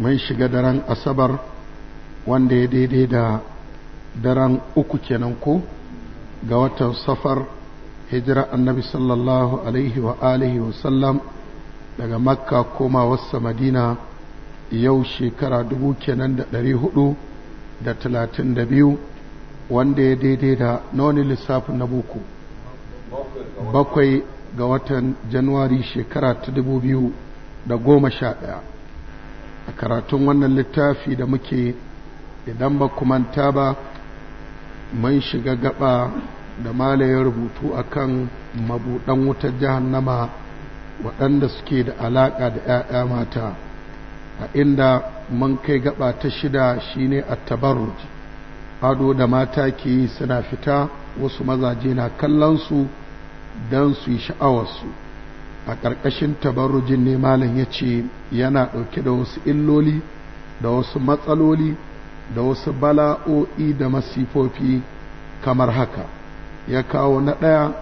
mun shiga daren asabar wanda ya daidai da daren uku kenan ko ga watan safar hijira annabi sallallahu alaihi wa alihi wa sallam daga makka koma wasa madina yau shekara dubu kenan da ɗari hudu da talatin da biyu wanda ya daidai da noni lissafin na buku bakwai ga watan januwari shekara ta dubu biyu da goma sha ɗaya a karatun wannan littafi da muke idan ba kumanta ba mun shiga gaba da malayar rubutu a kan mabuɗan wutar jahannama waɗanda suke da alaƙa da 'ya'ya mata a inda mun kai gaba ta shida shine a tabarruj ado da mata ke yi suna fita wasu mazaje na kallon su don su yi sha'awarsu a ƙarƙashin tabarrujin ne malam ya ce yana ɗauke da wasu illoli da wasu matsaloli da wasu bala'o'i da masifofi kamar haka ya kawo na ɗaya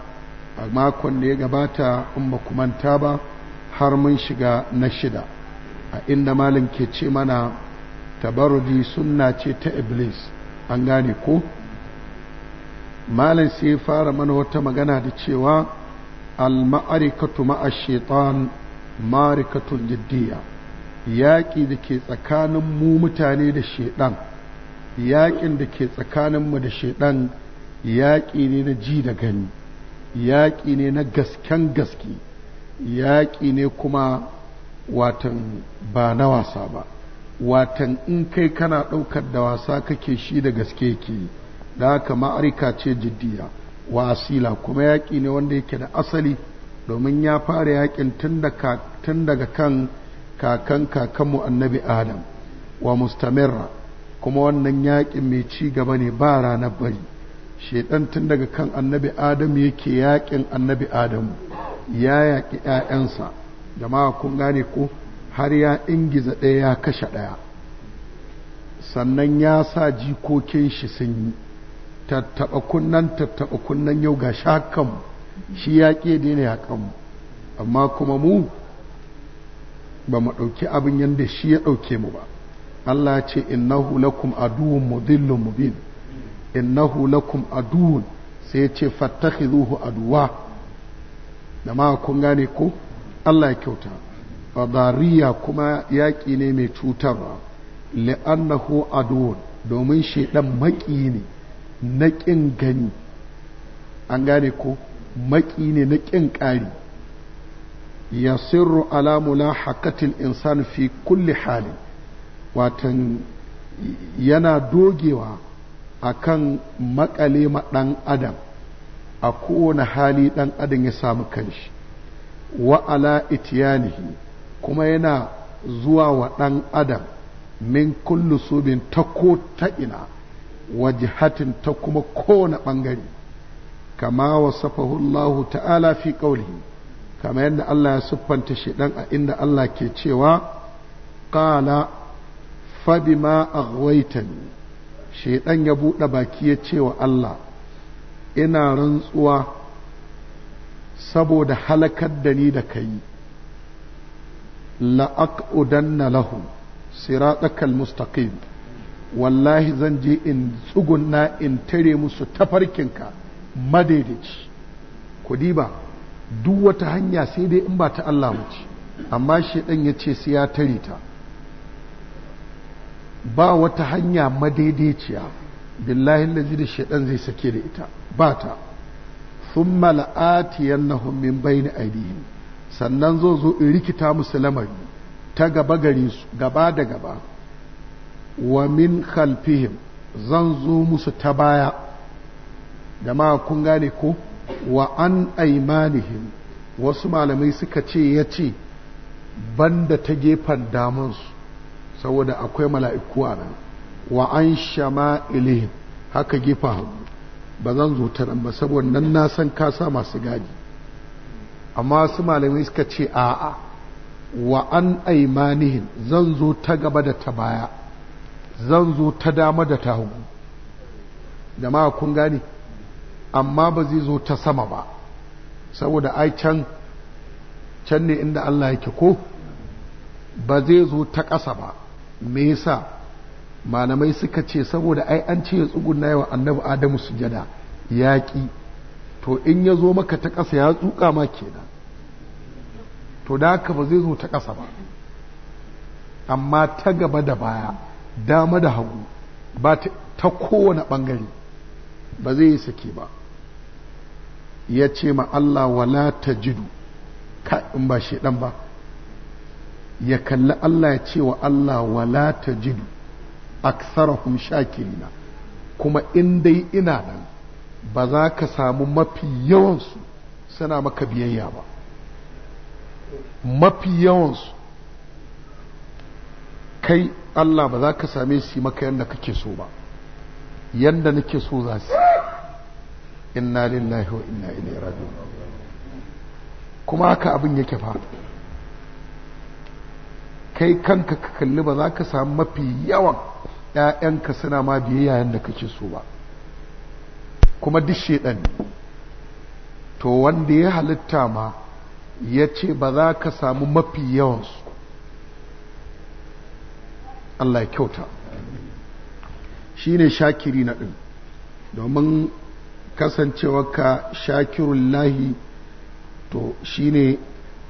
a makon da ya gabata in ba kumanta ba har mun shiga na shida a inda malam ke ce mana tabaruji sunna ce ta iblis an gane ko Malam sai ya fara mana wata magana da cewa al-ma'arikatu ma'a shaitan marikatun jiddiya yaƙi da ke tsakanin mu mutane da shaiɗan yaƙin da ke tsakaninmu da shaiɗan yaƙi ne na ji da gani yaƙi ne na gasken gaske yaƙi ne kuma watan ba na wasa ba watan in kai kana ɗaukar da wasa kake shi da gaske ke da haka ma'arika ce jiddiya wa kuma yaƙi ne wanda yake da asali domin ya fara yaƙin tun daga kan kakan kakanmu annabi adam wa mustamirra kuma wannan yaƙin mai ci gaba ne ba ranar bari shaidan tun daga kan annabi adam yake yaƙin annabi adam ya yaƙi 'ya'yansa jama'a kun gane ko har ya ingiza ɗaya ya kashe ɗaya sannan ya sa jikokin shi sun yi tattaɓa kunnan tattaɓa kunnan yau ga shakan shi ya ƙi daina ya kan amma kuma mu ba mu ɗauki abin yadda shi ya ɗauke mu ba Allah ce innahu lakum aduwwun mudillun mubin innahu lakum aduwwun sai ya ce fattakhidhuhu aduwa da ma kun gane ko Allah ya kyauta fadariya kuma yaƙi ne mai cutarwa li'annahu aduwwun domin shedan maƙi ne na ƙin gani an gane ko maƙi ne na ƙin ƙari ya yasirru ala mulahaqatil insan fi kulli hali watan yana dogewa akan maƙale ma ɗan adam a kowane hali ɗan adam ya samu kanshi wa ala itiyanihi kuma yana zuwa wa ɗan adam min kullu subin ta ko ta ina wajhatin ta kuma kowane ɓangare kama wasafahu ta'ala fi qawlihi kama yadda Allah ya siffanta shi dan a inda Allah ke cewa qala fabima aghwaytani shedan ya buɗe baki ya ce wa Allah ina rantsuwa saboda halakar da ni da kai la'aqudanna lahu, siratakal mustaqim wallahi zan je in tsugunna in tare musu tafarkinka madaidaici ku diba duk wata hanya sai dai in ba ta Allah ci. amma shi shedan ya ce sai ya tare ta ba wata hanya madaidaiciya billahi lazi da shedan zai sake da ita ba ta thumma la'atiyannahum min bayni aydihim sannan zo zo in rikita musu lamari ta gaba gare su gaba da gaba wa min khalfihim zan zo musu ta baya ma kun gane ko wa an aimanihim wasu malamai suka ce ya ce banda ta gefen damansu saboda akwai mala'iku a nan wa an shama'ilihim haka gefen hannu. ba zan zo ta nan ba saboda nan na san kasa masu gadi amma su malamai suka ce a'a wa an aimanihim zan zo ta gaba da ta baya zan zo ta dama da ta hagu jama'a kun gane amma ba zai zo ta sama ba saboda ai can can ne inda Allah yake ko ba zai zo ta ƙasa ba me yasa malamai suka ce saboda ai an ce ya tsuguna yawa annabi adamu sujada yaƙi to in ya zo maka ta ƙasa ya tsuka ma kenan to da haka ba zai zo ta ƙasa ba amma ta gaba da baya dama da hagu ba ta kowane ɓangare ba zai yi sake ba ya ce ma Allah wala ta jidu ka in ba shaidan ba ya kalli Allah ya ce wa Allah wala ta jidu aksarahum shakirina kuma in dai ina nan ba za ka samu mafi yawansu suna maka biyayya ba mafi yawansu kai Allah ba za ka same su maka yadda kake so ba yadda nake so za su inna lillahi wa inna ilaihi raji'un kuma haka abin yake fa kai kanka ka kalli ba za ka samu mafi yawan ‘ya'yanka suna ma biyayya yadda kake so ba kuma duk shaidan to wanda ya halitta ma ya ce ba za ka samu mafi yawansu Allah ya kyauta shi ne shakiri na ɗin domin kasancewarka shakirun lahi to shi ne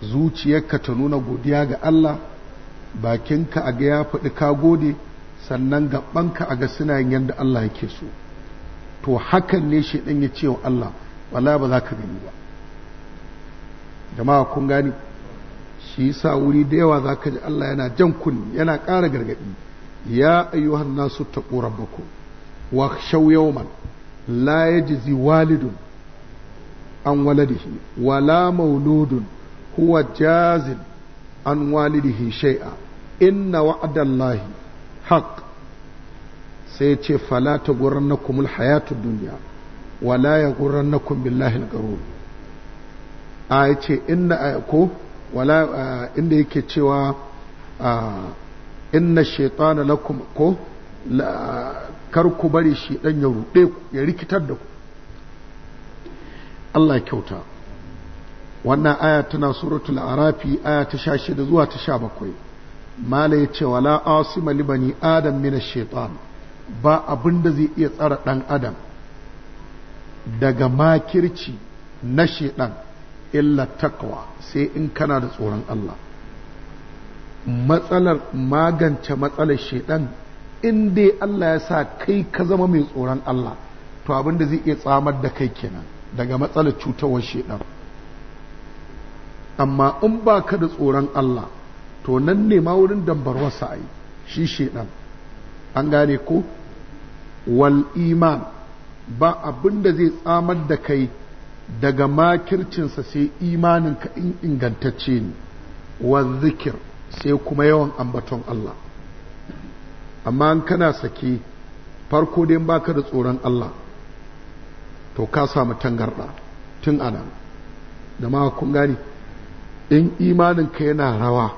zuciyarka ta nuna godiya ga Allah bakinka a ga ya faɗi ka gode sannan gabanka a ga suna yin yadda Allah yake so to hakan ne shi ɗin ya ce wa Allah wala ba za ka gani ba jama'a kun gani shi sa wuri da yawa zaka ji Allah yana jan kunni yana ƙara gargaɗi. ya ayyuhan nasu ƙoran baku. wa shaw yawman la jizi walidun an waladihi wala mauludun huwa jazin an walidihi shai'a. inna wa'dallahi haq sai ce fala ta na hayatun duniya wa wala ya na gurrannakum billahi algarur a in inna ko wala ah, inda yake cewa ah, inna shaitana lakum ko kar ku bari shi dan ya rude ku ya rikitar da ku Allah kyauta wannan aya tana suratul arafi aya ta sha shida zuwa ta sha mala ya ce wala asima libani adam ash-shaytan ba abin da zai iya tsara dan adam daga makirci na shaitan illa takwa sai in kana da tsoron Allah matsalar magance matsalar shedan in dai Allah ya sa kai ka zama mai tsoron Allah to abin da zai iya tsamar da kai kenan daga matsalar cutarwar shedan amma in ba ka da tsoron Allah to nan ne ma wurin dambarwarsa a yi shi shedan an gane ko wal iman ba abin da zai tsamar da kai daga makircinsa sai imaninka in ingantacce ne wa zikir sai kuma yawan ambaton Allah amma in kana sake farko dai ba ka da tsoron Allah to ka samu tangarda tun ana da ma kun gani in imanin ka yana rawa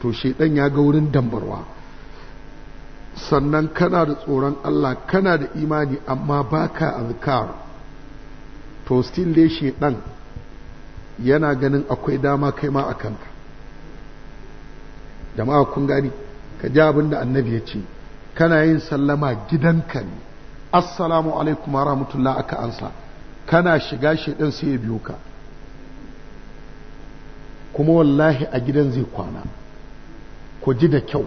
to shaidan ya ga wurin dambarwa sannan kana da tsoron Allah kana da imani amma baka azkar to still dai ɗan yana ganin akwai dama kai ma a kanka jama'a kun gani ka ji abin da annabi ya ce kana yin sallama gidanka ne assalamu alaikum wa rahmatullah aka ansa kana shiga shedan sai ya biyo ka kuma wallahi a gidan zai kwana ku ji da kyau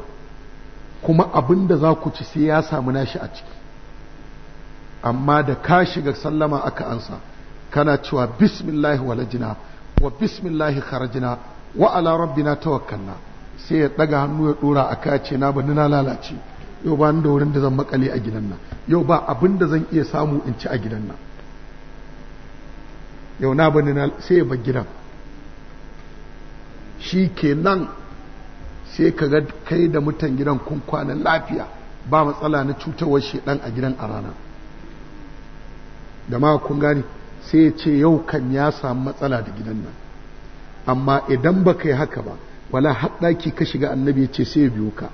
kuma abin da za ku ci sai ya samu nashi a ciki amma da ka shiga sallama aka ansa kana cewa bismillahi walajina wa bismillahi kharajina wa ala rabbina tawakkalna sai ya daga hannu ya dora a ce na bani na lalace yau ba ni da wurin da zan makale a gidan nan yau ba abin da zan iya samu in ci a gidan nan yau na bani na sai ya bar gidan shi kenan sai ka ga kai da mutan gidan kun kwana lafiya ba matsala na cutarwar shedan a gidan a rana da ma kun gani sai ya ce yau kan ya samu matsala da gidan nan amma idan ba ka yi haka ba wala haɗaki ka shiga annabi ce sai ya biyo ka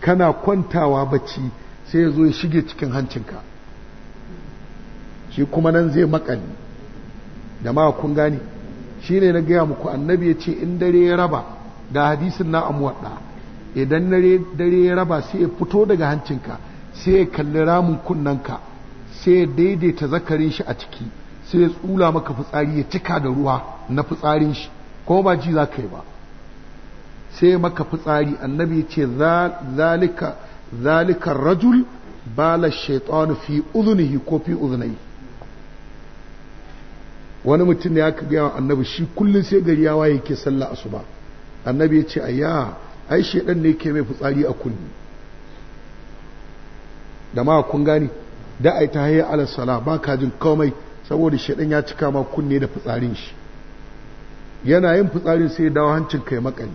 kana kwantawa bacci sai ya zo ya shige cikin hancinka shi kuma nan zai makali da ma kun gani shi ne na gaya muku annabi ya ce in dare ya raba da hadisin na amuwaɗa idan dare ya raba sai ya fito daga hancinka sai ya kalli ramin kunnanka sai ya daidaita zakarin shi a ciki sai ya tsula maka fitsari ya cika da ruwa na fitsarin shi ko ba ji za ka yi ba sai maka fitsari annabi ya ce zalika zalika rajul bala shaitan fi uzunihi ko fi uzunai wani mutum ne aka gaya annabi shi kullum sai gari ya waye ke sallah asuba annabi ya ce ayya ai shaidan ne ke mai fitsari a kullu da ma kun gani da ai ta hayya ala sala ba ka jin komai saboda shaɗan ya cika ma kunne da fitsarin shi yana yin fitsarin sai dawo hancin kai makani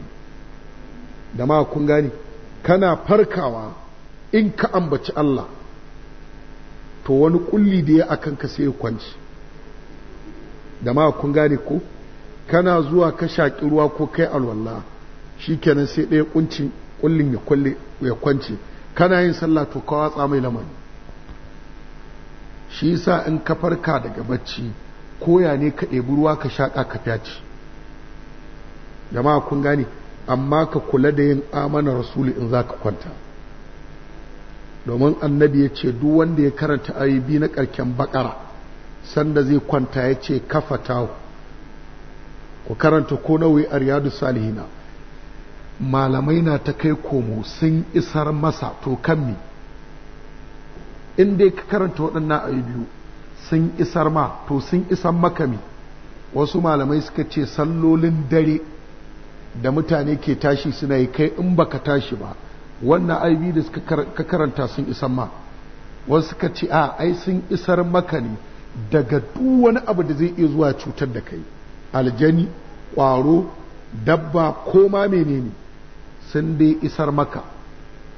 da ma kun gani kana farkawa in ka ambaci Allah to wani kulli da ya akan ka sai kwanci da ma kun gani ko kana zuwa ka shaƙi ruwa ko kai alwala kenan sai ɗaya kuncin kullin ya kwanci kana yin sallah to ka watsa mai lamari shi sa in ka farka daga bacci koya ne ka ɗebi ruwa ka shaƙa ka fyaci jama'a kun gane amma ka kula da yin amana rasulu in za ka kwanta domin annabi ya ce duk wanda ya karanta ayyubi na ƙarken bakara sanda zai kwanta ya ce kafa tawo ku karanta ko nawayi a riyadu salihina malamai na ta kai komo sun isar masa to kan mi in dai ka karanta waɗannan ayi biyu sun isar ma to sun isar makami wasu malamai suka ce sallolin dare da mutane ke tashi suna yi kai in baka tashi ba wannan biyu da suka karanta sun isar ma wasu suka ce a ai sun isar maka ne daga duk wani abu da zai iya zuwa cutar da kai aljani ƙwaro dabba ko ma menene sun dai isar maka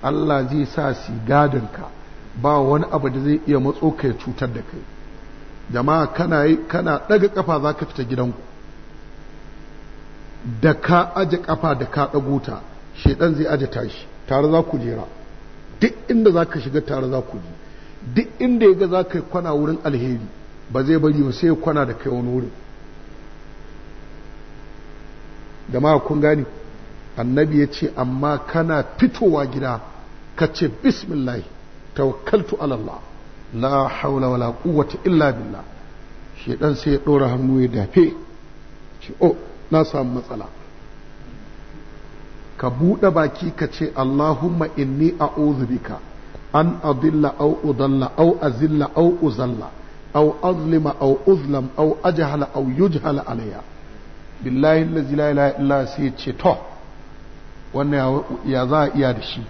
Allah zai sa gadon ka. ba wani abu da zai iya matso ka ya cutar da kai jama'a kana daga kafa za ka fita gidanku da ka aje kafa da ka ɗago ta shedan zai aje tashi tare za ku jera duk inda za ka shiga tare za ku ji duk inda ya ga za ka kwana wurin alheri ba zai bari ba sai ya kwana da kai wani wurin jama'a kun gani annabi ya ce amma kana fitowa gida ka ce bismillahi tawakkaltu ala Allah la illa billah shedan sai ya hannu ya dafe ce oh, matsala ka buɗe baki ka ce Allahumma inni an adilla aw udalla aw azilla aw uzalla aw azlima aw uzlam aw ajhala aw yujhala alayya billahi allazi wannan ya za a iya da shi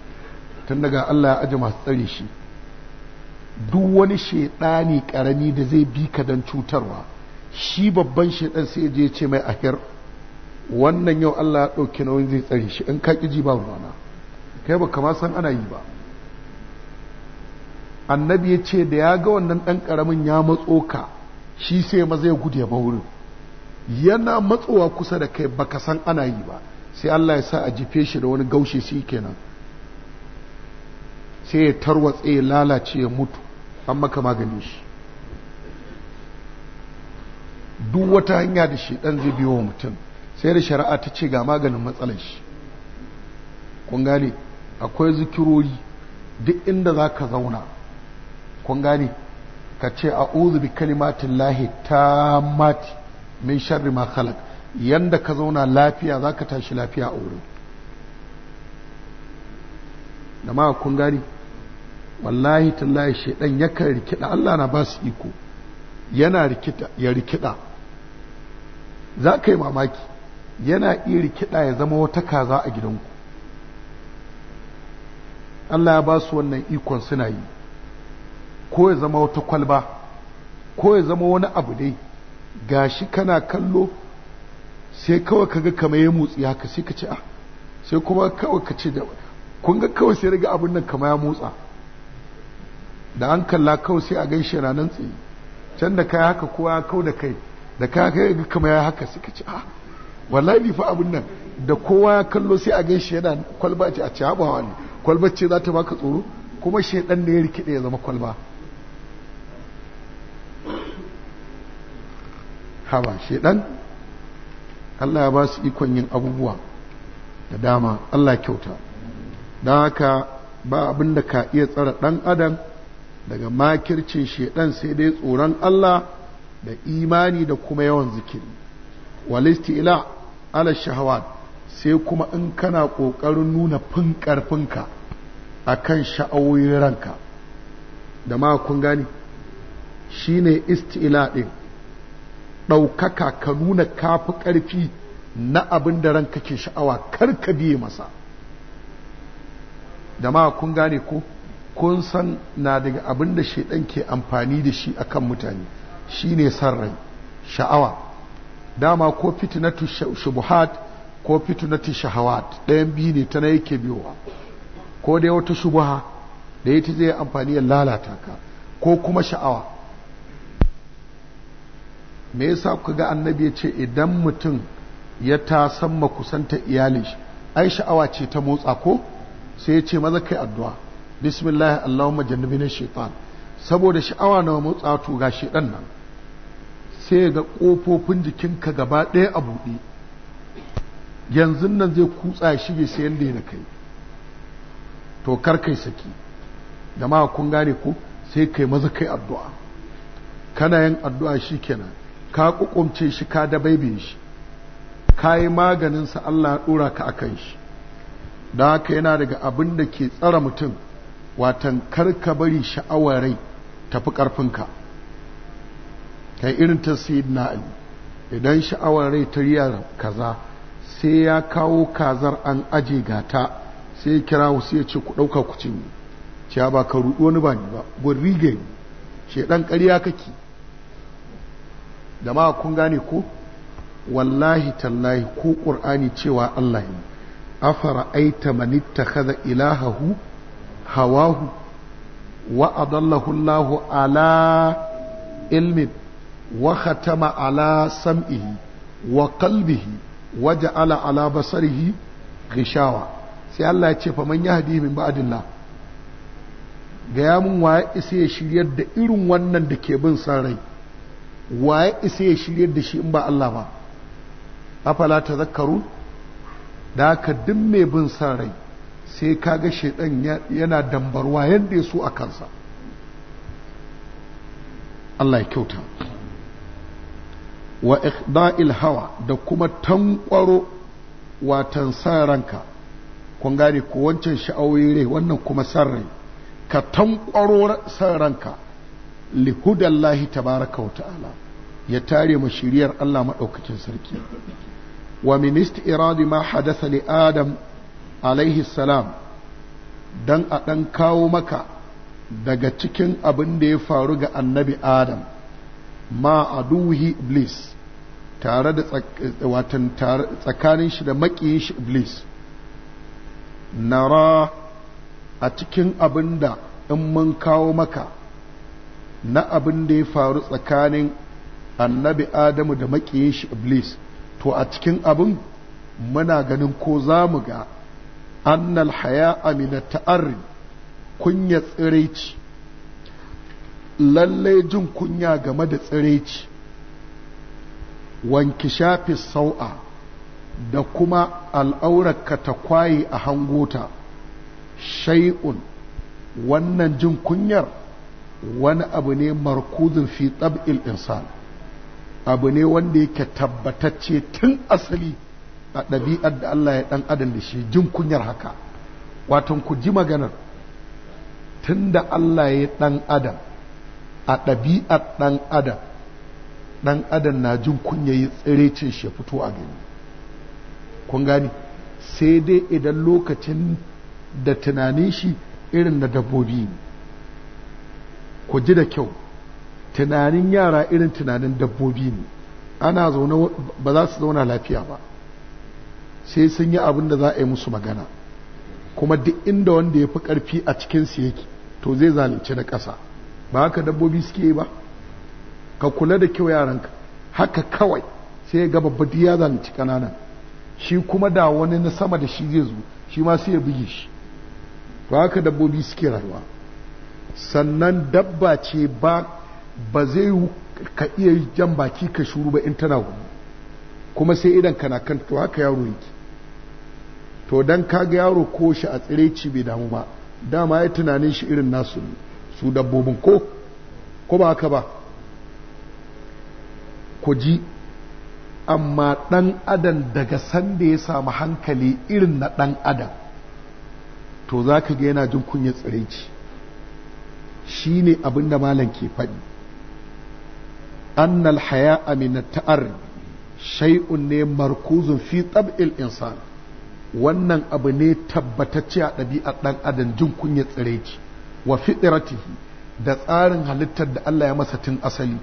tun daga Allah ya aje masu tsare shi duk wani shaidani karami da zai bi ka don cutarwa shi babban shaidan sai je ce mai ahir wannan yau Allah ya dauke nauyin zai tsare shi in ka ji ba ruwana kai ba kama san ana yi ba annabi ya ce da ya ga wannan dan karamin ya matso ka shi sai maza ya gudu ya wurin yana matsowa kusa da kai baka san ana yi ba sai Allah ya sa a jife shi da wani gaushe shi kenan sai ya tarwatse ya lalace ya mutu an maka magani shi duk wata hanya da shi ɗan zai biyo mutum sai da shari'a ta ce ga maganin matsalar shi kun akwai zikirori duk inda za ka zauna kun gane ka ce a bi kalimatin lahi ta mati min sharri ma khalaq yanda ka zauna lafiya za ka tashi lafiya a wurin da ma kun gani wallahi tallahi shaidan yakan rikida Allah na ba iko yana rikida ya rikida za ka yi mamaki yana iya rikida ya zama wata kaza a gidanku Allah ya basu wannan ikon suna yi ko ya zama wata kwalba ko ya zama wani abu dai gashi kana kallo sai kawai kaga kamar ya motsi haka sai ka ce ah sai kuma kawai ka ce da kun ga kawai sai riga abin nan kama ya motsa da an kalla kawai sai a gaishe na nan tsaye can da kai haka kowa ya kau da kai da kai haka ga kama ya haka suka ce a ah, wallahi fa abin nan da kowa ya kallo sai a gaishe yana kwalba ce a ci haɓawa ne kwalba ce za ta baka tsoro kuma shaidan ne ya rikide ya zama kwalba haba shaidan Allah ya ba su ikon yin abubuwa da dama Allah kyauta don haka ba abin da ka iya tsara ɗan adam daga makircin shaidan sai dai tsoron Allah da imani da kuma yawan zikiri walisti ila ala shahawat sai kuma in kana ƙoƙarin nuna fin ƙarfinka a kan sha'awoyin ranka da ma kun gani shi ne istila ɗin ɗaukaka ka nuna kafi ƙarfi na abin da ranka ke sha'awa kar ka biye masa Da ma kun gane ko kun san na daga abin da shaidan ke amfani da shi akan mutane shi ne san rai sha'awa dama ko fitinatu shubuhat ko fitinatu shahawat ɗayan biyu ne ta na yake biyowa ko dai wata shubuha da ita zai amfani ya lalata ka ko kuma sha'awa me yasa ku ga annabi ya ce idan mutum ya ta san makusanta iyalin shi ai sha'awa ce ta motsa ko sai ya ce maza kai addu'a bismillah allahumma jannibina shaitan saboda sha'awa na motsa to ga shaitan nan sai ga kofofin jikinka gaba ɗaya a buɗe yanzu nan zai kutsa ya shige sai yanda ya kai to kar kai saki jama'a kun gane ko sai kai maza kai addu'a kana yin addu'a shi kenan ka kukumce shi ka dabaibe shi ka yi maganinsa Allah ya ɗora ka a kan shi da haka yana daga abin da ke tsara mutum watan karka bari sha'awar rai tafi ƙarfinka kai irin ta na ali idan sha'awar rai ta riya kaza sai ya kawo kazar an aje gata sai kira wasu ya ce ku ɗauka ku cinye ce ba ka ruɗu wani ba ni ba gun rige ni shaidan ƙarya kake da ma kun gane ko wallahi tallahi ko ƙur'ani cewa Allah yi afara'aita man ittakhadha ilahahu hawahu wa adallahu Allah ala ilmin wa khatama ala sam'ihi wa qalbihi wa ja'ala ala basarihi ghishawa sai Allah ya ce fa man yahdi min ba'dillah ga ya mun waye isa ya shiryar da irin wannan da ke bin san rai waye isa ya shiryar da shi in ba Allah ba afala tazakkarun da haka duk mai bin san rai sai kaga shaidan yana dambarwa yadda ya so a kansa Allah ya kyauta wa ikhda'il hawa da kuma tankwaro watan san ranka kun gane ko wancan sha'awoyi rai wannan kuma san rai ka tankwaro san ranka lihudallahi tabaraka wa ta'ala ya tare ma shiriyar Allah maɗaukakin sarki ومن استئراد ما حدث لآدم عليه السلام dan a ɗan kawo maka daga cikin abin da ya faru ga annabi adam ma aduhi iblis tare da tsakanin shi da maƙiyin shi iblis nara a cikin abin da in mun kawo maka na abin da ya faru tsakanin annabi adamu da maƙiyin shi iblis to a cikin abin muna ganin ko za mu ga annal haya amina ta'arri kunya tsiraici lallai jin kunya game da tsiraici wanki shafi sau'a da kuma al'aurarka ta kwaye a hangota shai'un wannan jin kunyar wani abu ne markuzin fi tsab'il insani abu ne wanda yake tabbatacce tun asali a ɗabi'ar da Allah ya ɗan adam da shi jin kunyar haka watan ku ji maganar tun da Allah ya ɗan adam a ɗabi'ar ɗan adam ɗan adam na jin kunya yi ce shi fito a gani kun gani sai dai idan lokacin da tunanin shi irin na dabbobi ku ji da kyau tunanin yara irin tunanin dabbobi ne ana zaune ba za su zauna lafiya ba sai sun yi abin da za a yi musu magana kuma duk inda wanda ya fi ƙarfi a cikinsu yake to zai zalunci na ƙasa ba haka dabbobi suke yi ba ka kula da kyau yaranka haka kawai sai ya gaba badi ya zalunci ƙananan shi kuma da wani na sama da shi zai zo shi ma sai ya bugi shi ba haka dabbobi suke rayuwa sannan dabba ce ba ba zai ka iya jan baki ka shuru ba in tana gudu. kuma sai idan kana kan to haka yaro yake to dan ga yaro ko shi a tsiraici bai damu ba dama ya tunanin shi irin nasu su dabbobin ko ko ba haka ba ku ji amma dan adam daga sanda ya samu hankali irin na dan adam to za ka ga yana jin kunya tsiraici shi ne abinda malam ke faɗi annal haya min ta'ar ne markuzun fi tab'il insan wannan abu ne tabbatacce a ɗabi'ar ɗan adam jin kunya tsireci wa fitratihi da tsarin halittar da Allah ya masa tun asali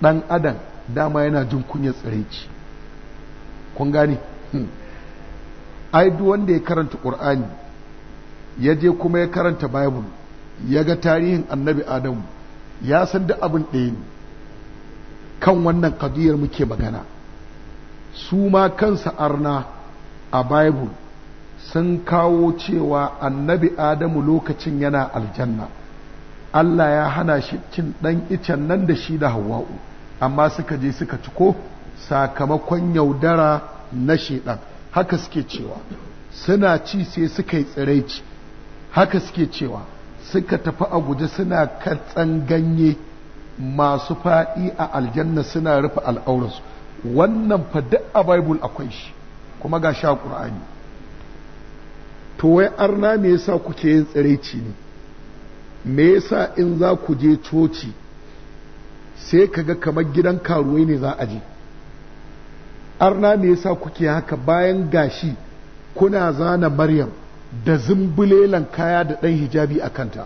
ɗan adam dama yana jin kunya tsireci kun gane ai duk wanda ya karanta ƙur'ani ya je kuma ya karanta bible ya ga tarihin annabi adamu ya san duk abin ɗaya ne kan wannan kadiyar muke magana su ma kansa arna a bible sun kawo cewa annabi adamu lokacin yana aljanna Allah ya hana shi cin ɗan icen nan da shi da hawa'u amma suka je suka ciko sakamakon yaudara na shedan haka suke cewa suna ci sai suka yi tsiraici haka suke cewa suka tafi a guje suna katsan ganye masu faɗi a aljanna suna rufe al'aurarsu wannan fa duk a bible akwai shi kuma ga sha ƙur'ani to wai arna me yasa kuke yin tsiraici ne me yasa in za ku je coci sai kaga kamar gidan karuwai ne za a je arna me yasa kuke haka bayan gashi kuna zana maryam da zumbulelan kaya da ɗan hijabi a kanta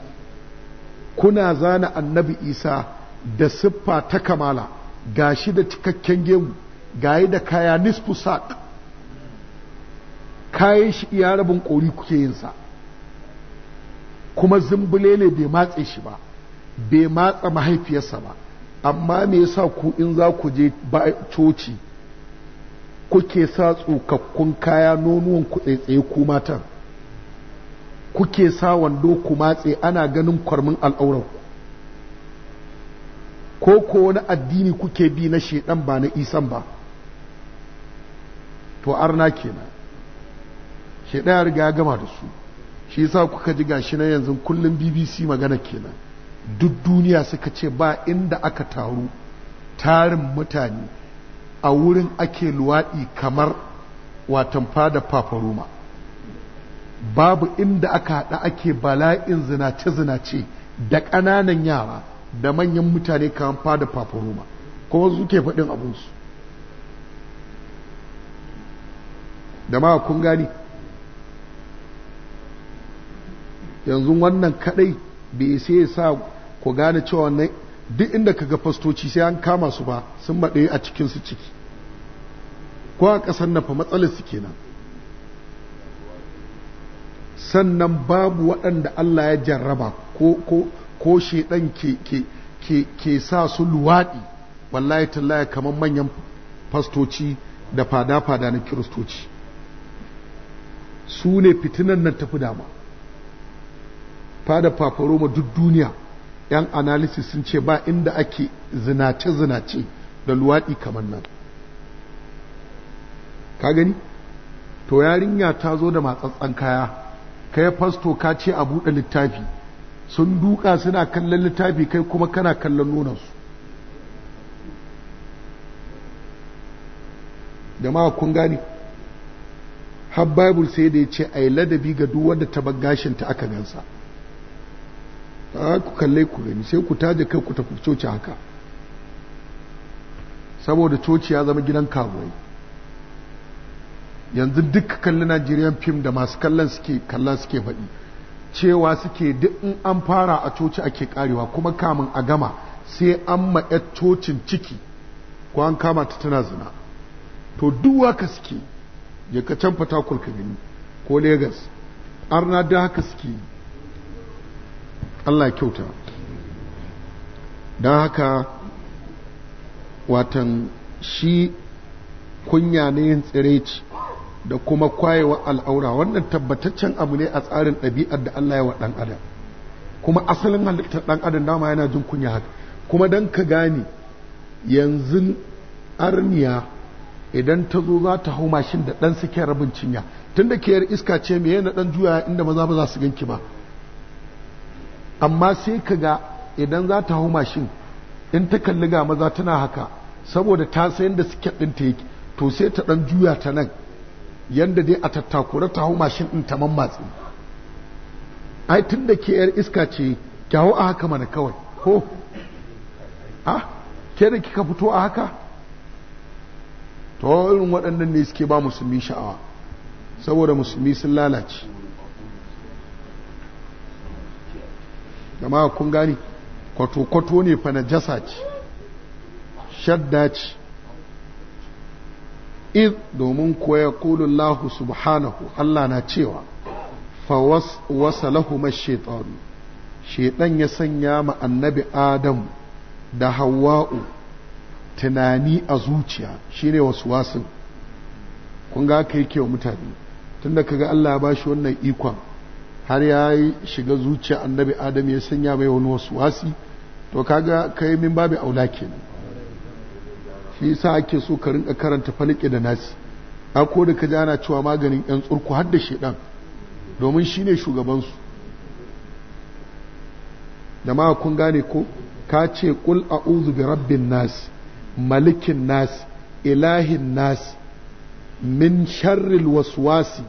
kuna zana annabi isa da siffa ta kamala ga shi da cikakken gemu yi da kaya nisfu sak kayan shi iya rabin ƙori kuke yinsa kuma zumbulele bai matse shi ba bai matsa mahaifiyarsa ba amma me yasa ku in za ku je coci kuke sa tsokakkun kaya nonuwan ku tsaitsaye ku matan kuke sa wando ku matse ana ganin kwarmin al'auran ko ko wani addini kuke bi na shedan ba na isan ba to arna kenan shedan ya riga ya gama da su shi yasa kuka ji gashi na yanzu kullum BBC magana kenan duk duniya suka ce ba inda aka taru tarin mutane a wurin ake luwaɗi kamar watan fada roma babu inda aka haɗa ake bala'in zinace-zinace da ƙananan yara da manyan mutane kan fada ko wasu ke faɗin abinsu da ma kun gani yanzu wannan kaɗai bai sai ya sa ku gane cewa duk inda kaga fastoci sai an kama su ba sun maɗe a cikinsu ciki ko a ƙasar fa matsalar su kenan sannan babu waɗanda Allah ya jarraba ko ko ko shedan ke ke ke ke sa su luwaɗi wallahi tallahi kamar manyan fastoci da fada-fada na kiristoci su ne fitinan nan tafi dama fada fafaroma duk duniya 'yan analysis sun ce ba inda ake zinace-zinace da luwaɗi kamar nan ka gani to yarinya ta zo da matsatsan kaya kai fasto ka ce a buɗe littafi sun duka suna kallon littafi kai kuma kana kallon nonansu jama'a kun gani har bible sai da ya ce a yi ladabi ga duk wanda ta gashinta aka gansa a ku kalle ku gani sai ku taje kai ku tafi coci haka saboda coci ya zama gidan kawai yanzu duk kalli najeriyan fim da masu kallon suke kalla suke faɗi cewa suke duk in an fara a coci ake karewa kuma kamun a gama sai an ma cocin ciki ko an kama ta tana zina to duwa ka suke ya ka can fata ka gani ko Legas arna da haka suke Allah kyauta don haka watan shi kunya na yin tsiraici da kuma kwayewa al'aura wannan tabbataccen abu ne a tsarin ɗabi'ar da Allah ya wa ɗan adam kuma asalin halittar ɗan adam dama yana jin kunya haka kuma don ka gane yanzu arniya idan ta zo za ta hau mashin da ɗan suke rabin cinya tun da ke iska ce me yana ɗan juya inda maza ba za su ganki ba amma sai ka ga idan za ta hau mashin in ta kalli ga maza tana haka saboda ta sayan da suke ɗinta yake to sai ta ɗan juya ta nan yanda dai a tattakura ta hau mashin ɗin ta mammatsi ai tun da ke yar iska ce kyawo a haka mana kawai ko a ke da kika fito a haka to irin waɗannan ne suke ba musulmi sha'awa saboda musulmi sun lalace jama'a kun gani kwato-kwato ne fa na jasa ce shadda ce id domin koya kulullahu subhanahu Allah na cewa fawasa lahuma shaitanu shaitan ya sanya ma annabi adam da hawa'u tunani a zuciya shine waswasin kun ga aka yi kewa mutane tunda kaga Allah ya bashi wannan ikon har ya yi shiga zuciya annabi adam ya sanya mai wani waswasi to kaga kai min babu aula kenan shi yasa ake so ka rinka karanta falike da nasi a ko da ka ji ana cewa maganin yan tsurku har da shedan domin shine shugabansu da ma kun gane ko ka ce kul a'udhu bi rabbin nas malikin nas ilahin nas min sharril waswasi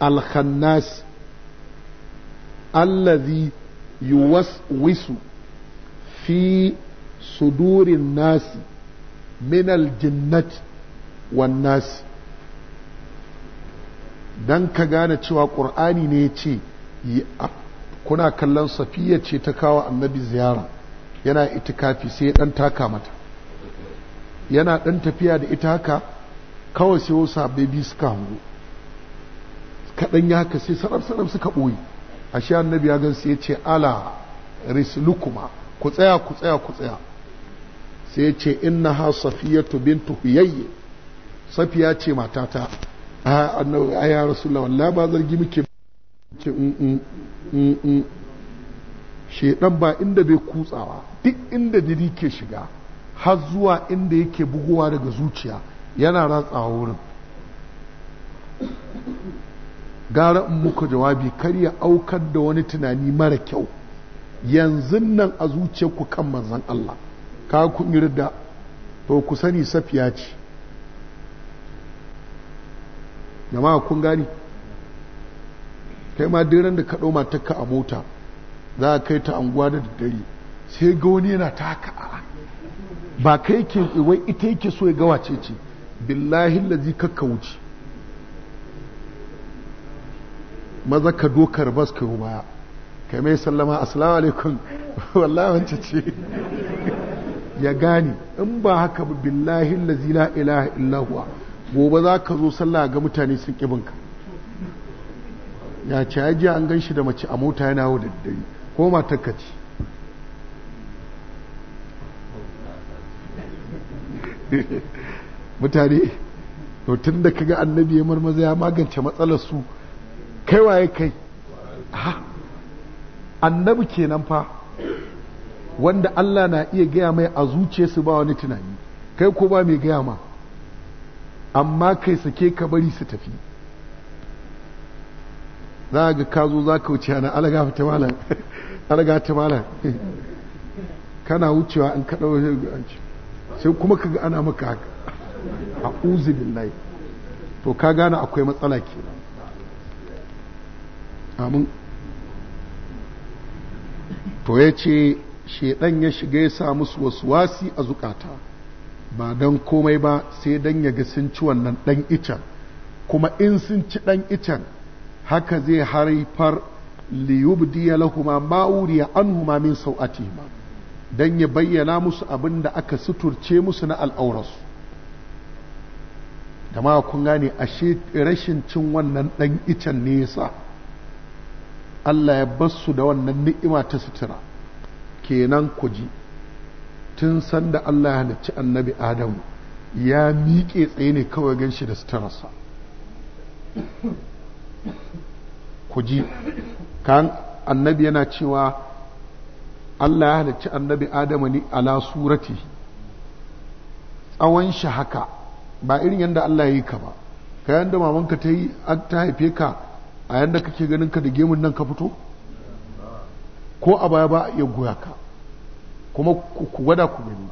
alkhannas allazi yuwaswisu fi sudurin nasi من الجنة والناس dan ka gane cewa ƙur'ani ne ya ce kuna kallon safiya ce ta kawo annabi ziyara yana itikafi sai dan taka mata yana dan tafiya da ita haka kawai sai wasu habibi suka hango kaɗan ya haka sai sarab-sarab suka ɓoye ashe annabi ya gan sai ya ce ala rislukuma ku tsaya ku tsaya ku tsaya sai ce inna ha safiyatu bintu huyayye safiya ce matata a ya rasulullah wallahi ba zargi muke ce mm, mm, mm, shedan ba inda bai kutsawa duk inda jiri ke shiga har zuwa inda yake bugowa daga zuciya yana ratsawa wurin gara in muka jawabi kar ya aukar da wani tunani mara kyau yanzu nan a zuciyarku kan manzon Allah ka kuɗi ridda to ku sani safiya ce jama'a kun gani kai ma diran da ka ɗau takka a mota za ka kai ta anguwa da daddare sai ga wani yana ta haka ba kai ke wai ita yake so ya ga wace ce billahi lazi kakka wuce maza ka dokar bas ka yi baya kai mai sallama assalamu alaikum wallahi wance ce ya gane in ba haka bi billahi lazi la ilaha illahuwa gobe za ka zo sallah ga mutane sun ƙibinka ya ce ya ji an gan shi da mace a mota yana wa daddare ko ma takaci? ce mutane to tun da kaga annabi ya marmaza ya magance matsalar su kai waye kai annabi kenan fa wanda Allah na iya gaya mai a zuce su ba wani tunani kai ko ba mai gaya ma amma kai sake ka bari su tafi za ga ka zo za ka wuce ana alaga ta malam alaga ta malam kana wucewa an ka dawo sai kuma ka ga ana maka haka a uzu billahi to ka gane akwai matsala ke amin to ya ce shedan ya shiga ya sa musu wasu wasi a zukata ba don komai ba sai don ya ga sun ci wannan dan icen kuma in sun ci dan icen haka zai haifar ya lahuma ma'uriya anhuma min sau'atihima don ya bayyana musu abin da aka suturce musu na al'aurasu da kun gane ashe rashin cin wannan ɗan icen ne yasa Allah ya basu da wannan ni'ima ta sutura kenan ku ji tun sanda Allah ya halicci annabi Adamu ya miƙe tsaye ne kawai gan shi da suturarsa ku ji kan annabi yana cewa Allah ya halicci annabi Adamu ne ala surati tsawon shi haka ba irin yadda Allah ya yi ka ba ka yadda mamanka ta yi ta haife ka a yadda kake ganin ka da gemun nan ka fito ko a baya ba a iya goya ka kuma ku gwada ku gani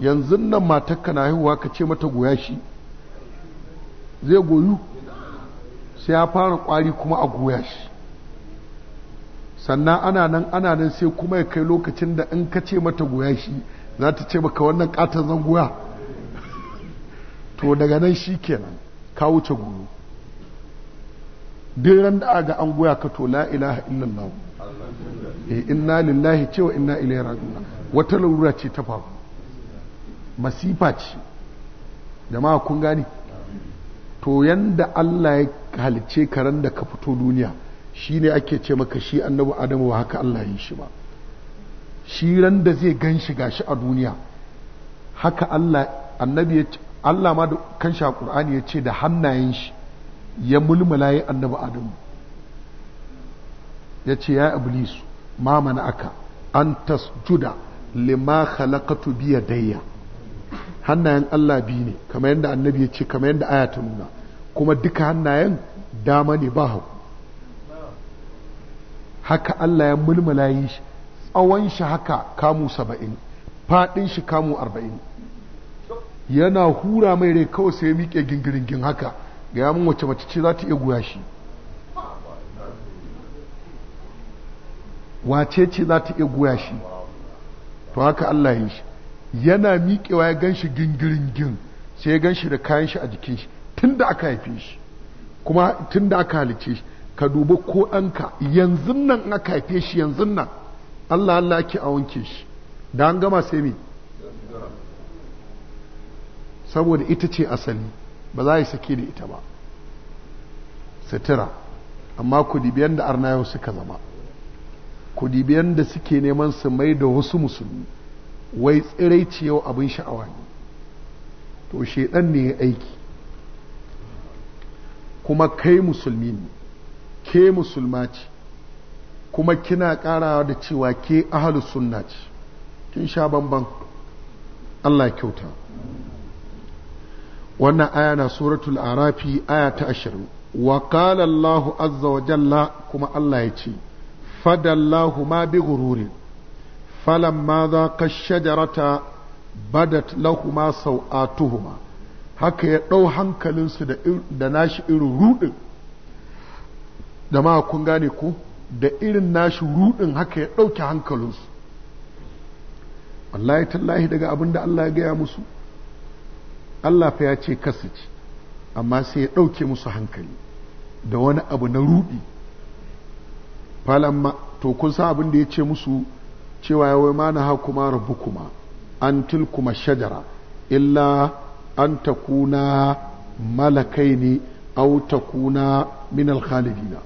yanzu nan matakka na haihuwa ka ce mata goya shi zai goyu sai ya fara kwari kuma a goya shi sannan ana nan ana nan sai kuma ya kai lokacin da in ka ce mata goya shi za ta ce maka wannan katon zan goya to daga nan shi kenan ka wuce goyo duk ran da aga an goya ka to la ilaha illallah Eh, inna lillahi cewa inna ilaihi raji'un wata larura ce ta faru masifa ce jama'a kun gani to yanda Allah ya halice karen da ka fito duniya shine ake ce maka shi annabi adamu ba haka Allah yi shi ba shi ran da zai gan shi gashi a duniya haka Allah annabi ya Allah ma da kan a Qur'ani ya ce da hannayen shi ya mulmula ya annabi adamu ya ce ya iblisu ma mana aka an tasjuda lima khalaqatu bi yadayya hannayen Allah biyu ne kamar yadda annabi ya ce kamar yadda aya ta nuna kuma duka hannayen dama ne ba hagu haka Allah ya mulmula yi shi tsawon shi haka kamu saba'in faɗin shi kamu arba'in yana hura mai rai kawai sai ya miƙe gingiringin haka ga yamin wace mace ce za ta iya guya shi wace ce za ta iya goya shi to haka Allah ya shi yana miƙewa ya gan shi gingirin sai ya gan shi da kayan shi a jikin shi tun da aka haife shi kuma tun da aka halice shi ka dubi ko ɗanka yanzu nan aka haife shi yanzu nan Allah Allah ke a wanke shi da an gama sai me saboda ita ce asali ba za a yi sake da ita ba Sitira. amma ku dibiyan da arna yau suka zama kudibiyan da suke neman su mai da wasu musulmi wai tsirai ce yau abin sha'awa ne to shaidan ne ya aiki kuma kai musulmi ne ke musulma ce kuma kina karawa da cewa ke ahalus sunna ce kin sha bamban Allah kyauta wannan aya na suratul arafi aya ta ashirin wa qala Allahu azza wa jalla kuma Allah ya ce فدلاهما بغرور فلما ذاق الشجرة بدت لهما سوآتهما haka ya ɗau hankalinsu da nashi irin ruɗin da ma kun gane ko da irin nashi ruɗin haka ya ɗauke hankalinsu wallahi tallahi daga abinda da Allah ya gaya musu Allah fa ya ce kasu ci amma sai ya ɗauke musu hankali da wani abu na ruɗi ma to kun sa abin da ya ce musu cewa ya wai mana ha kuma rabbukuma an tilkuma shajara illa an ta kuna ne, au ta kuna min alkhalidina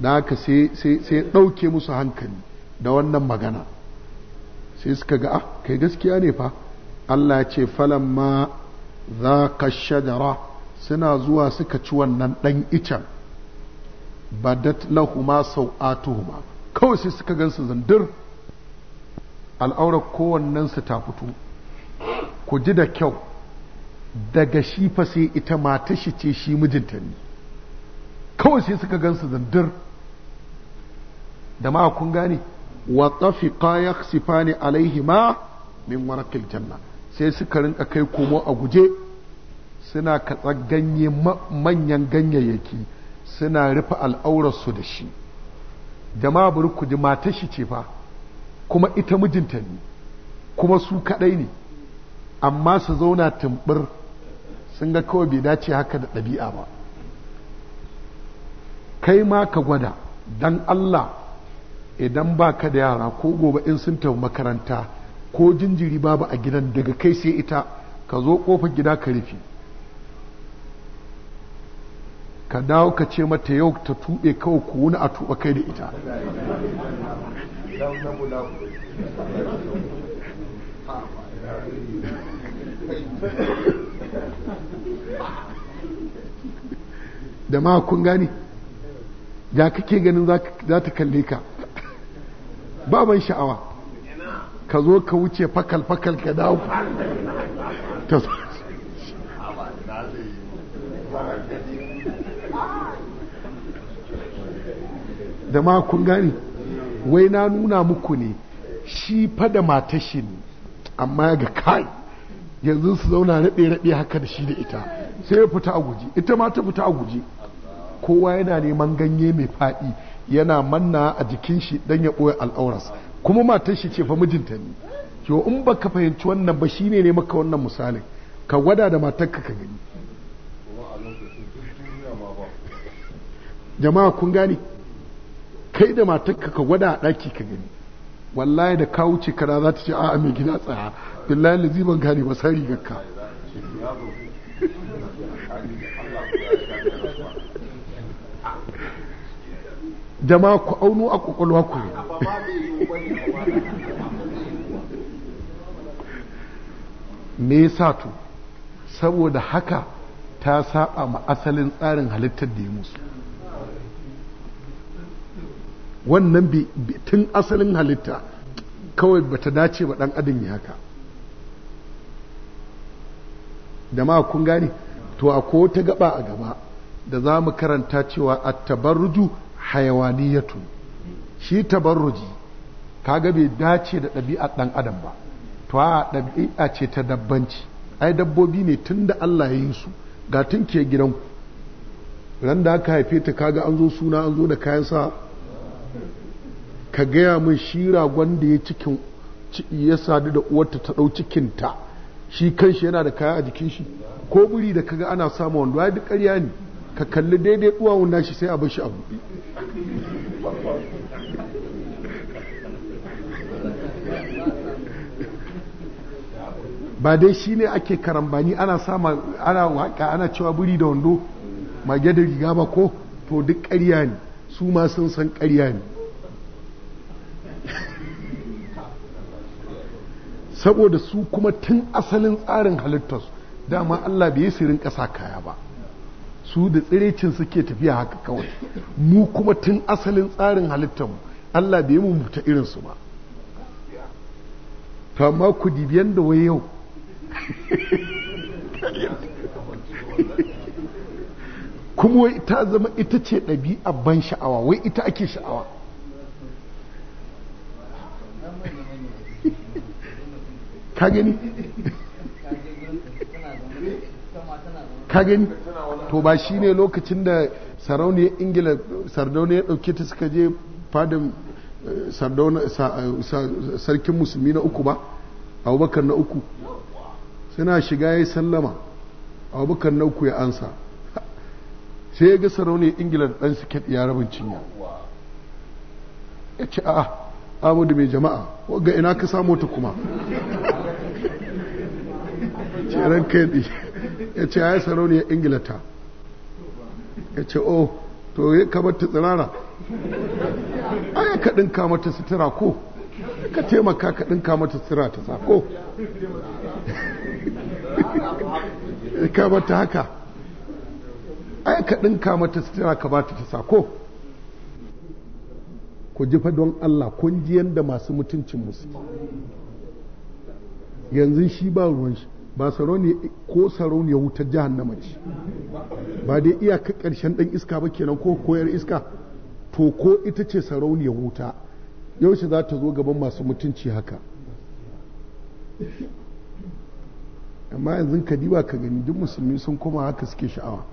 da haka sai ɗauke musu hankali da wannan magana sai suka ga ah kai gaskiya ne fa Allah ce ma za ka shajara suna zuwa suka ci wannan ɗan icen badat lahuma sau'atuhuma kawai sai suka gansu zandir al'aurar kowannensu ta fito ku ji da kyau daga shi fa sai ita mata shi ce shi mijinta ne kawai sai suka gansu zandir da ma kun gane wa ne alaihi ma min warakil janna sai suka rinka kai komo a guje suna katsa ganye manyan ganyayyaki suna rufe al'aurarsu da shi jama'a bari ku ji matar shi ce fa kuma ita mijinta ne kuma su kaɗai ne amma su zauna tumbur sun ga kawai bai dace haka da ɗabi'a ba kai ma ka gwada dan Allah idan ba ka da yara ko gobe in sun tafi makaranta ko jinjiri babu a gidan daga kai sai ita ka zo kofar gida ka rufe ka dawo ka ce mata yau ta tuɓe kawai ko wani a tuɓa kai da ita da ma kun gani da kake ganin za ta kalle ka ba ban sha'awa ka zo ka wuce fakal-fakal ka dawo ta zo da ma kun gani wai na nuna muku ne shi fa da matashi ne amma ga kai yanzu su zauna raɓe-raɓe haka da shi da ita sai ya fita a guji ita ma ta fita a guji kowa yana neman ganye mai faɗi yana manna a jikin shi dan ya ɓoye al'auras kuma matashi ce fa mijinta ne yo in baka fahimci wannan ba shine ne maka wannan misalin ka gwada da matarka ka gani jama'a kun gane kai da matarka ka gwada a ɗaki ka gani wallahi da ka wuce kara za ta ce a'a mai gida tsaya billahi lazi ban gane ba sai rigarka ka ma ku auno a kwakwalwa ku me yasa to saboda haka ta saba ma asalin tsarin halittar da ya musu wannan tun asalin halitta kawai bata dace ba dan adam ya haka da ma kun gane to a ko ta gaba a gaba da za mu karanta cewa a tabarruju hayawaniyatu shi tabarruji kaga bai dace da ɗabi'ar ɗan adam ba to a ɗabi'a ce ta dabbanci ai dabbobi ne tun da Allah ya yi su ga tun ke gidanku ran da aka haife ta kaga an zo suna an zo da kayan sa ka gaya min shi ragon da ya cikin ya sadu da uwarta ta ɗau cikinta shi kanshi yana da kaya a jikin shi ko buri da kaga ana samu wanda ya duk ƙarya ne ka kalli daidai wanda shi sai a shi a ba dai shi ne ake karambani ana sama ana waka ana cewa buri da wando mage da riga ba ko to duk karya ne su ma sun san ƙarya ne saboda su kuma tun asalin tsarin halittarsu dama Allah bai yi sirin ƙasa kaya ba su da tsirecin suke tafiya haka kawai mu kuma tun asalin tsarin halittarmu Allah bai yi mu mutu irinsu ba ta ma ku dibiyan da wai yau kuma wai ta zama ita ce ɗabi'a ban sha'awa wai ita ake sha'awa ka gani ka gani to ba shi ne lokacin da sarauniyar ingila sardauna ya ɗauke ta suka je fadin eh, eh, sarkin musulmi na uku ba abubakar na uku suna shiga ya sallama abubakar na uku ya ansa sai ya ga sarauniyar ingila da siket ya rabin cinya ya ce a'a amadu mai jama'a ga ina ka samu ta kuma ce ran kai ya ce ya yi sarauniyar ingila ta ya ce o oh, to ya kamar ta tsirara a ya kaɗin ɗinka mata sutura ko ka taimaka ka ɗinka mata sutura ta sa ko ka mata haka ai ka ɗinka mata sutura ka bata ta sako ku ji fa don Allah kun ji yanda masu mutuncin musu yanzu shi ba ruwan shi ba sarauniya ko ya wutar jahannama ce ba dai iyaka ƙarshen ɗan iska ba kenan ko koyar iska to ko ita ce ya wuta yaushe za ta zo gaban masu mutunci haka amma yanzu kadiba ka gani duk musulmi sun koma haka suke sha'awa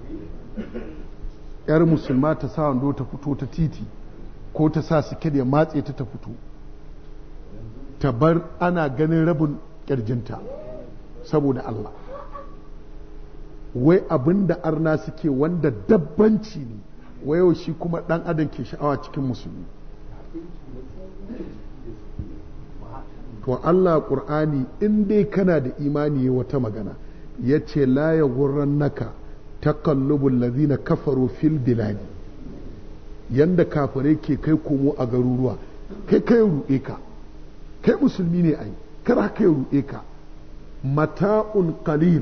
yar musulma ta sa wando ta fito ta titi ko ta sa su ya matse ta ta fito ta bar ana ganin rabin kirjinta saboda Allah wai abin da arna suke wanda dabbanci ne wai yau shi kuma dan adam ke sha'awa cikin musulmi to Allah qur'ani in dai kana da imani wata magana ya ce la ya naka takallubul ladina kafaru fil biladi yanda kafirai ke kai komo a garuruwa kai kai ruɗe ka kai musulmi ne ai kar kai ruɗe ka mata'un qalil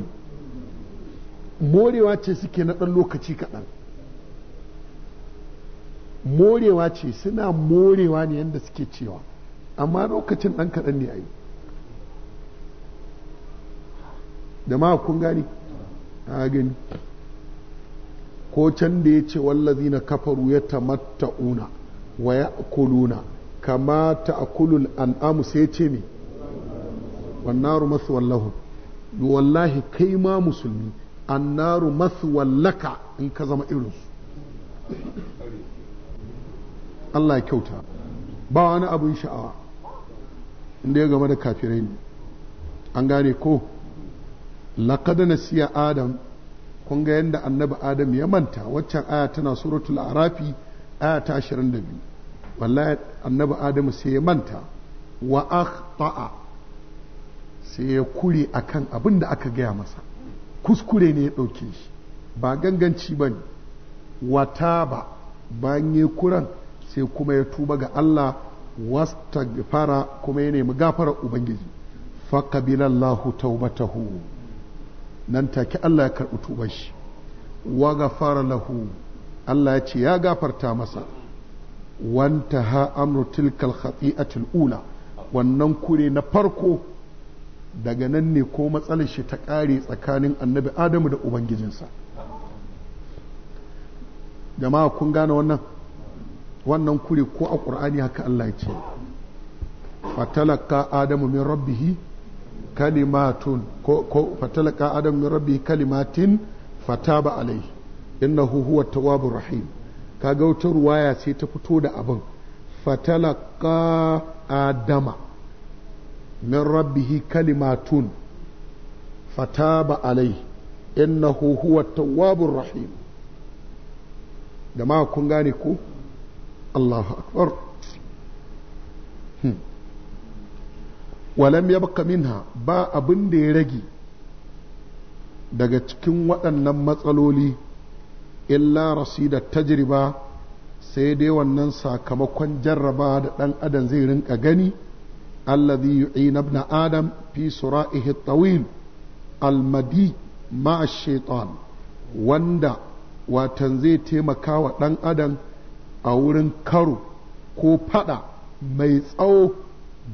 morewa ce suke na ɗan lokaci kaɗan morewa ce suna morewa ne yadda suke cewa amma lokacin ɗan kaɗan ne a yi da ma kun gani a gani ko can da ya ce wallazi na kafaru ya una wa ya kuluna kama an amu sai ya ce mi wannaru masu wallahu wallahi kai ma musulmi annaru masu wallaka in ka zama irinsu Allah ya kyauta ba wani abin sha'awa inda ya game da kafirai ne an gane ko laƙada na siya adam kun ga yadda annabi adam ya manta waccan aya tana suratul arafi aya ta da biyu. wallahi annabi Adamu sai ya manta wa akhta'a sai ya kure akan abin da aka gaya masa kuskure ne ya ɗauke shi ba ganganci ba ne wata ba bayan ya kuran sai kuma ya tuba ga Allah wasta kuma ya nemi gafarar Ubangiji faƙabilallahu taubatahu nan take Allah ya karɓi tuban shi wa gafara lahu Allah ya ce ya gafarta masa wanta ha amru tilkal khati'atul ula wannan kure na farko daga nan ne ko matsalar shi ta ƙare tsakanin annabi adamu da ubangijinsa jama'a kun gane wannan wannan kure ko a ƙur'ani haka Allah ya ce fatalaka adamu min rabbihi kalimatun ko, ko fatalaka adam min rabbi kalimatin fataba alai innahu huwa tawwabur rahim kaga wata ruwaya sai ta fito da abin fatalaka adama min rabbihi kalimatun fataba alai innahu huwa tawwabur rahim da kun gane ku Allahu akbar hmm. walam ya baka ha, ba abin da ya rage daga cikin waɗannan matsaloli illa rasida tajriba sai dai wannan sakamakon jarraba da ɗan adam zai rinka gani alladhi yu'ina ibn adam fi sura'ihi tawil almadi a shaitan wanda watan zai taimaka wa ɗan adam a wurin karo ko fada mai tsawo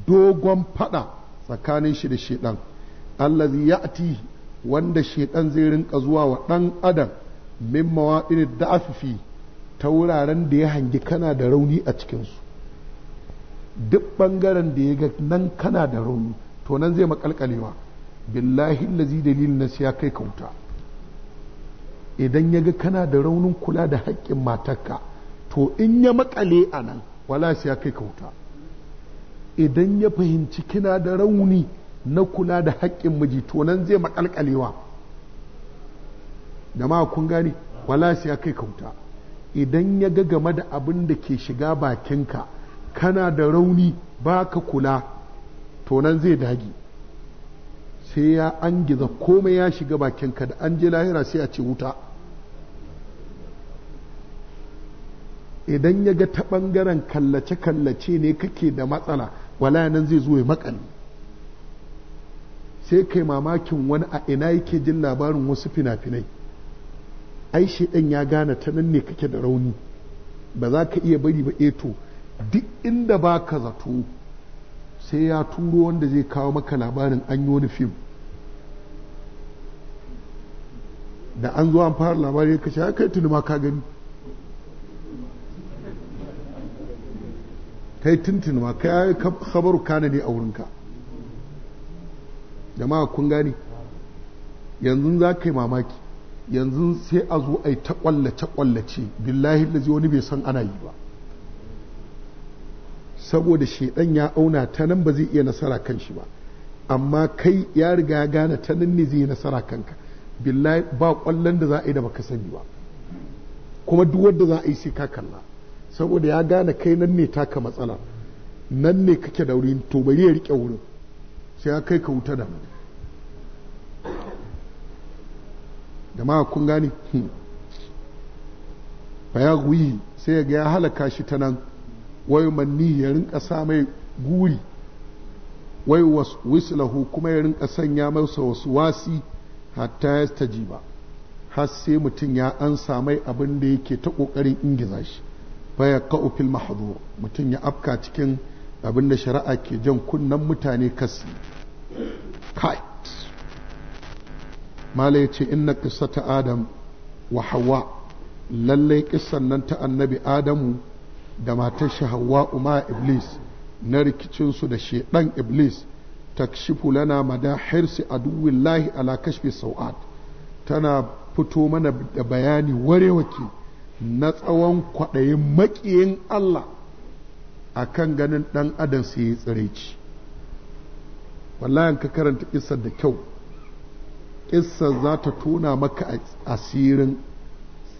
dogon fada tsakanin shi da shedan allazi ya'ti wanda shedan zai rinka zuwa wa dan adam min mawa'in da'afifi ta wuraren da ya hangi kana da rauni a cikin su duk bangaren da ya ga nan kana da rauni to nan zai makalkalewa billahi lazi dalilin na ya kai kauta idan ya ga kana da raunin kula da haƙƙin matarka to in ya makale a nan wala sai ya kai kauta idan ya fahimci kina da rauni na kula da haƙƙin miji to nan zai maƙalƙalewa ma kun gani wala sai ya kai kauta idan ya ga game da abin da ke shiga bakinka kana da rauni ba ka kula to nan zai dagi sai ya an giza komai ya shiga bakinka da an je lahira sai a ce wuta idan ya ga ta ɓangaren kallace-kallace ne kake da matsala wala nan zai zo ya sai kai mamakin wani a ina yake jin labarin wasu fina-finai ai shedan ya gane ta nan ne kake da rauni ba za ka iya bari ba eto eh duk inda ba ka zato sai ya turo wanda zai kawo maka labarin an yi wani fim da an zo an fara labari ka ya kai tuni ma ka gani kai tuntun ma yi khabaru kane ne a wurinka jama'a kun gani yanzu za ka yi mamaki yanzu sai a zo a yi ta kwallace kwallace billahi da wani bai san ana yi ba saboda shaidan ya auna ta nan ba zai iya nasara kan shi ba amma kai ya riga ya gane ta nan ne zai yi nasara kanka billahi ba kwallon da za a yi da baka sani ba kuma duk wanda za a yi sai ka kalla saboda ya gane kai nan ne taka matsala nan ne kake da wurin to bari ya rike wurin sai ya kai ka wuta da ma kun gane hmm. fa ya guyi sai ya ga ya halaka shi ta nan wai manni ya rinka sa mai guri wai wislahu kuma ya rinka sanya masa wasu wasi hatta ya ba har sai mutum ya ansa mai abin da yake ta ƙoƙarin ingiza shi faya ka'ufil mahadur mutum ya afka cikin abin da shari'a ke jan kunnan mutane kasi kait mala ya ce inna ta adam wa hawa lallai kissan nan ta annabi adamu da matar shi hawa umar iblis na rikicinsu da shedan iblis takshifu lana madahirsi aduwillahi ala kashfi sau'ad tana fito mana da bayani warewaki na tsawon kwaɗayin maƙiyin Allah a kan ganin ɗan adam su yi tsiraici wallahi ka karanta ƙisar da kyau ƙisar za ta tona maka asirin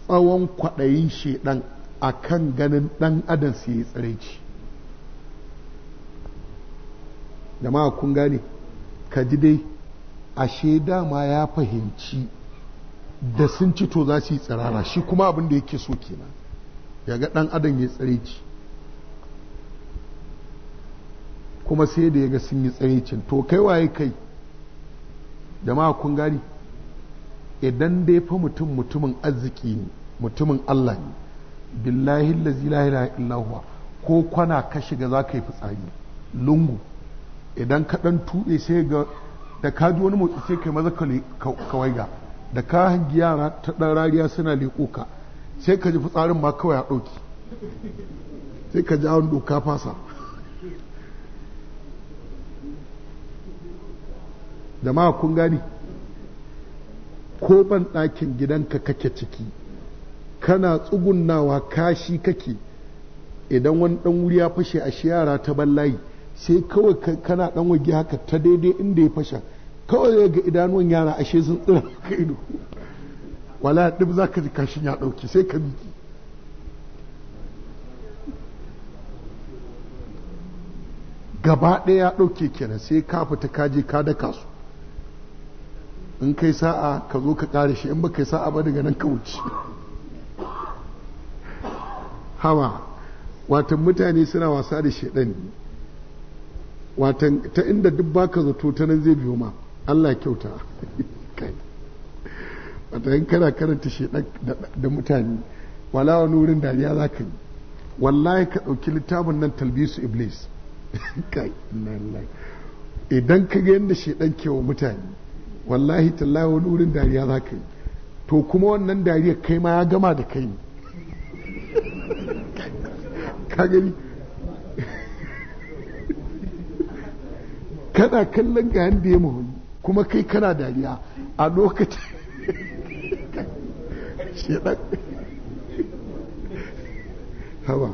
tsawon kwaɗayin shedan a kan ganin ɗan adam su yi tsiraici jama'a kun gane ka ji dai ashe dama ya fahimci da sun ci to za su yi tsirara shi kuma abin da yake so kenan ya ga ɗan adam ya tsare ki kuma sai da ya ga sun yi tsare to kai waye kai jama'a kun gari idan dai fa mutum mutumin arziki ne mutumin Allah ne billahi lazi la ilaha ko kwana ka shiga za ka yi fitsari lungu idan ka ɗan tuɓe sai ga da ka ji wani motsi sai kai maza ka waiga da ka hangi yara ta ɗan rariya suna leƙo ka sai ka ji fitsarin ma kawai a ɗauki sai ka ji awon doka fasa da kun gani ko ban ɗakin gidanka kake ciki kana tsugunnawa kashi kake idan wani ɗan wuri ya fashe a shi yara ta ballayi sai kawai kana ɗan wage haka ta daidai inda ya fashe kawai zai ga idanuwan yara ashe sun tsira ka ido wala ɗin za ka ji kashin ya ɗauki sai ka miki gaba ɗaya ya ɗauke kenan sai ka fita kaje ka daka su in kai sa'a ka zo ka ƙare shi in ba kai sa'a ba daga nan ka wuce hawa watan mutane suna wasa da shaɗani watan ta inda duk baka zato ta nan zai biyo ma Allah kyauta kai wata yin kana karanta shi da mutane wala wani wurin dariya za ka yi wallahi ka ɗauki littafin nan talbisu iblis kai idan ka ga yadda shi ɗan kewa mutane wallahi tallahi wani wurin dariya za ka yi to kuma wannan dariya kai ma ya gama da kai ne ka gani kana kallon ga yadda ya muhimmi. kuma kai kana dariya a lokacin hawa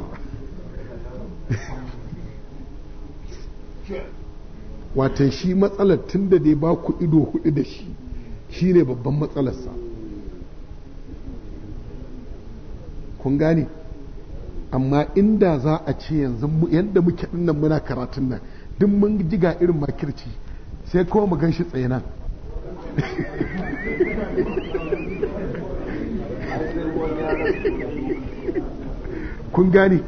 watan shi matsalar tun da dai ba ku ido hudu da shi shi ne babban matsalarsa kun gane amma inda za a ce yanzu yadda muke dinnan muna karatun nan duk mun ji irin makirci sai ko mu gan shi tsaye nan kun gani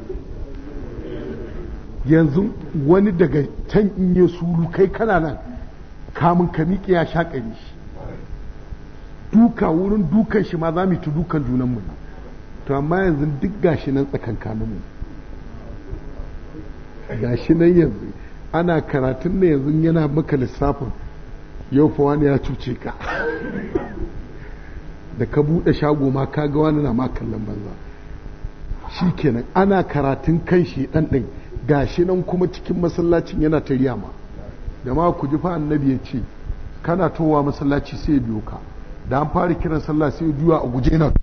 yanzu wani daga can in ya sulu kai kana nan kamun ka miƙe ya shaƙari shi duka wurin dukan shi ma za mu yi dukan junanmu to amma yanzu duk gashi nan tsakankaninmu gashi nan yanzu ana karatun ne yanzu yana maka lissafin yau fa wani ya cuce ka da ka buɗe shago ma ka ga wani na ma kallon banza shi kenan ana karatun kan shi ɗan ɗin shi nan kuma cikin masallacin yana ta riya ma da ma ku ji fa annabi ya ce kana towa masallaci sai biyo ka da an fara kiran sallah sai juya a guje na